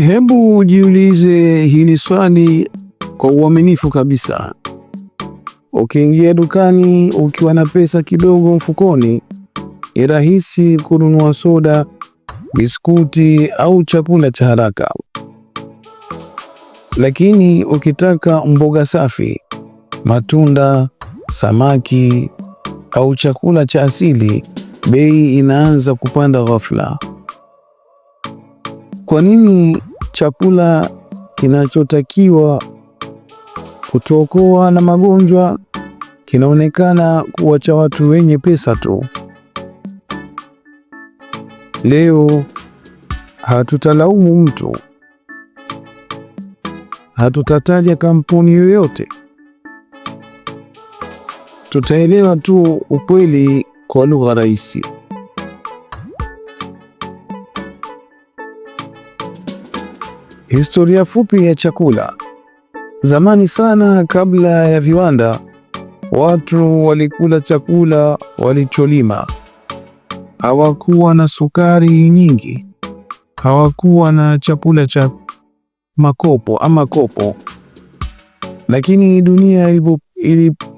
Hebu jiulize hili swali kwa uaminifu kabisa. Ukiingia dukani ukiwa na pesa kidogo mfukoni, ni rahisi kununua soda, biskuti au chakula cha haraka. Lakini ukitaka mboga safi, matunda, samaki au chakula cha asili, bei inaanza kupanda ghafla. Kwa nini chakula kinachotakiwa kutuokoa na magonjwa kinaonekana kuwa cha watu wenye pesa tu. Leo hatutalaumu mtu, hatutataja kampuni yoyote. Tutaelewa tu ukweli kwa lugha rahisi. Historia fupi ya chakula. Zamani sana, kabla ya viwanda, watu walikula chakula walicholima. Hawakuwa na sukari nyingi, hawakuwa na chakula cha makopo ama kopo. Lakini dunia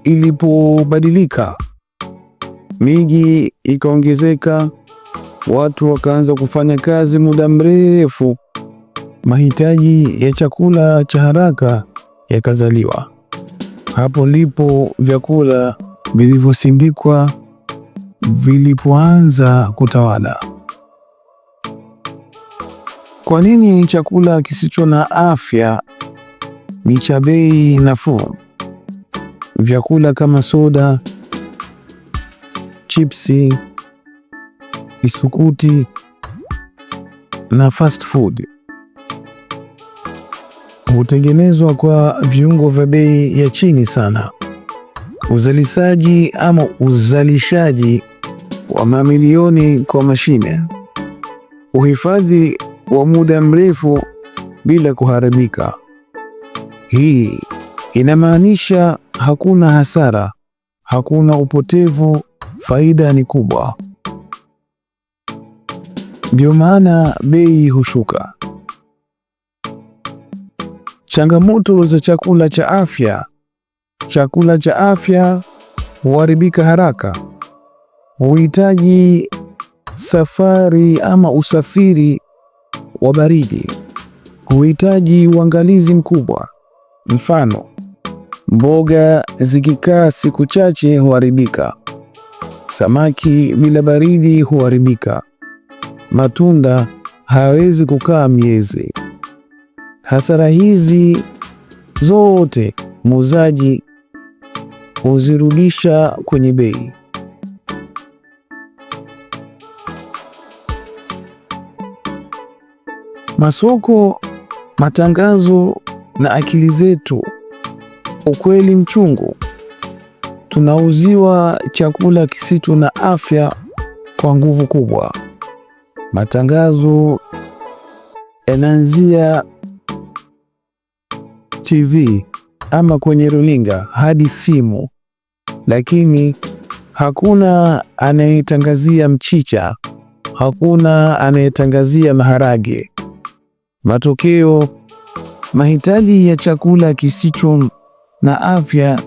ilipobadilika, miji ikaongezeka, watu wakaanza kufanya kazi muda mrefu mahitaji ya chakula cha haraka yakazaliwa. Hapo ndipo vyakula vilivyosindikwa vilipoanza kutawala. Kwa nini chakula kisicho na afya ni cha bei nafuu? Vyakula kama soda, chipsi, isukuti na fast food hutengenezwa kwa viungo vya bei ya chini sana. Uzalishaji ama uzalishaji wa mamilioni kwa mashine, uhifadhi wa muda mrefu bila kuharibika. Hii inamaanisha hakuna hasara, hakuna upotevu, faida ni kubwa. Ndio maana bei hushuka. Changamoto za chakula cha afya. Chakula cha afya huharibika haraka, huhitaji safari ama usafiri wa baridi, huhitaji uangalizi mkubwa. Mfano, mboga zikikaa siku chache huharibika, samaki bila baridi huharibika, matunda hayawezi kukaa miezi. Hasara hizi zote muuzaji huzirudisha kwenye bei. Masoko, matangazo na akili zetu. Ukweli mchungu, tunauziwa chakula kisicho na afya kwa nguvu kubwa. Matangazo yanaanzia TV ama kwenye runinga hadi simu, lakini hakuna anayetangazia mchicha, hakuna anayetangazia maharage. Matokeo, mahitaji ya chakula kisicho na afya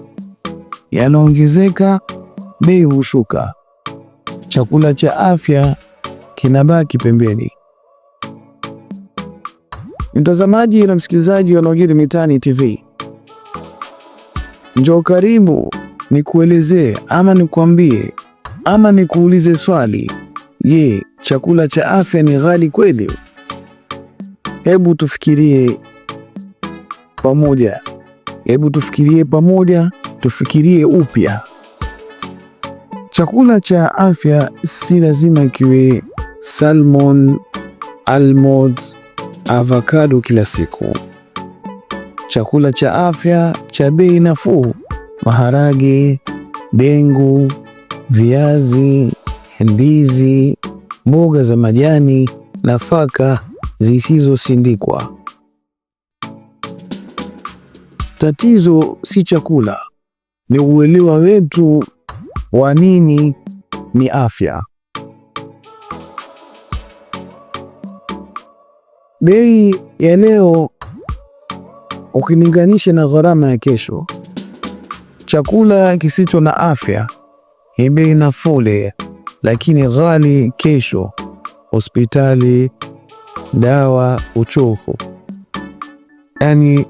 yanaongezeka, bei hushuka, chakula cha afya kinabaki pembeni. Mtazamaji na msikilizaji wa yanayojiri mitaani TV, njoo karibu nikuelezee ama nikuambie ama nikuulize swali. Je, chakula cha afya ni ghali kweli? Hebu tufikirie pamoja, hebu tufikirie pamoja, tufikirie upya. Chakula cha afya si lazima kiwe salmon, almonds avocado kila siku. Chakula cha afya cha bei nafuu: maharage, dengu, viazi, ndizi, mboga za majani, nafaka zisizosindikwa. Tatizo si chakula, ni uelewa wetu wa nini ni afya. Bei ya leo ukilinganisha na gharama ya kesho, chakula kisicho na afya ni bei nafuu leo, lakini ghali kesho. Hospitali, dawa, uchovu, yaani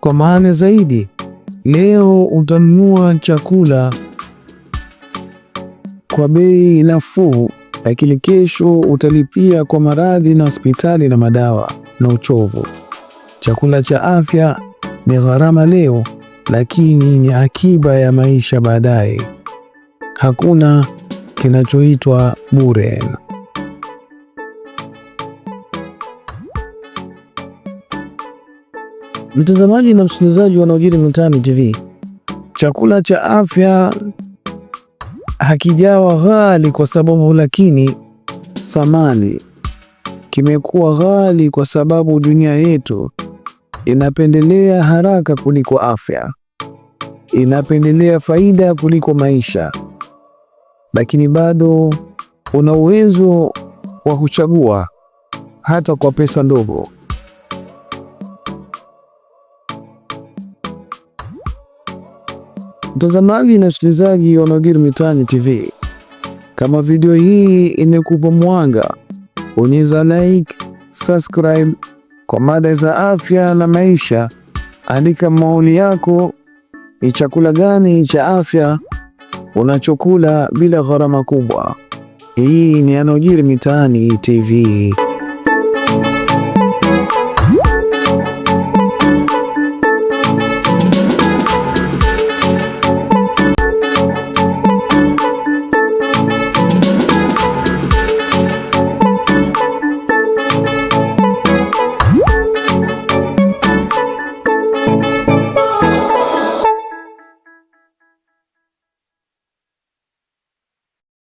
kwa maana zaidi, leo utanunua chakula kwa bei nafuu lakini kesho utalipia kwa maradhi na hospitali na madawa na uchovu. Chakula cha afya ni gharama leo, lakini ni akiba ya maisha baadaye. Hakuna kinachoitwa bure. Mtazamaji na msikilizaji wanaojiri mitaani TV, chakula cha afya hakijawa ghali kwa sababu lakini thamani kimekuwa ghali kwa sababu dunia yetu inapendelea haraka kuliko afya, inapendelea faida kuliko maisha. Lakini bado una uwezo wa kuchagua hata kwa pesa ndogo. Mtazamaji na msikilizaji wa yanayojiri mitaani TV, kama video hii imekupa mwanga, bonyeza like, subscribe. Kwa mada za afya na maisha, andika maoni yako. Ni chakula gani cha afya unachokula bila gharama kubwa? Hii ni yanayojiri mitaani TV.